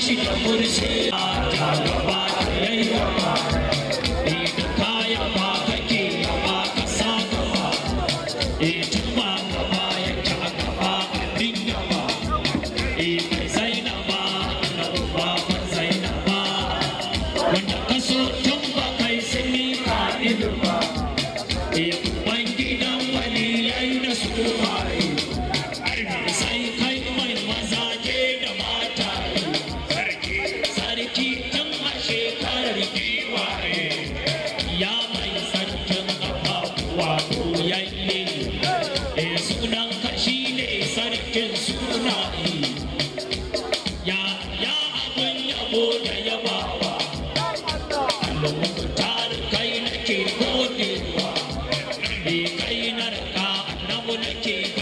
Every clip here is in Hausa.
shi tambur shi a ta gaba yayi gaba ita kaya ba kake kai nake godewa ni kai na raka annabu nake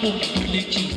público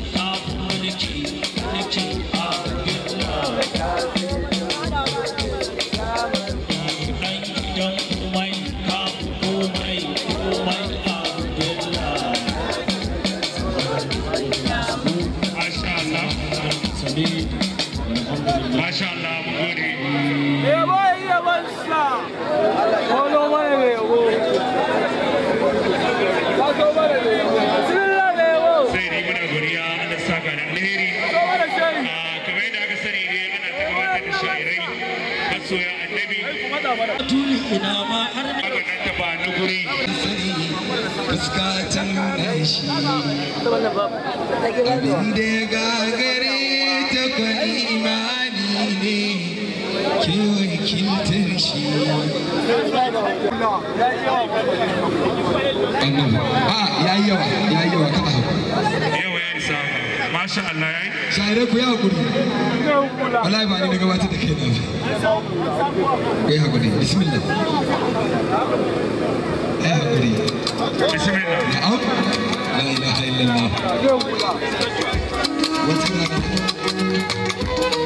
alheri ah, kamar yadda aka sani dai ana ta gabatar da sha'irai masoya annabi tuli ina ma har na nan ta ba na guri fuskatan gashi inda ya gagare ta kwani imani ne ke wakiltar shi annabi ah, a yayi yawa yayi yawa kada masha Allah yayi shayare ku ya hakuri wallahi ba ni na gabatar da kai na kai hakuri bismillah ai hakuri bismillah la ilaha illallah wata rana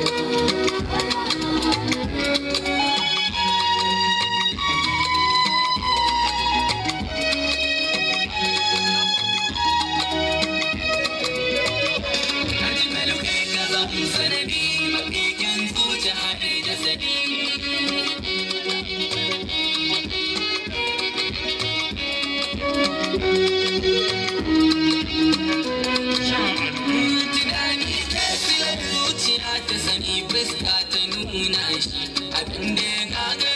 sa sanadi mafikin zuci haɗe jasadi zuciya ta sani fuska ta nuna abin da ya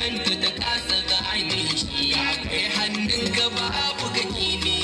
ganta ta kasa ga ainihin shi kai hannun gaba buga kini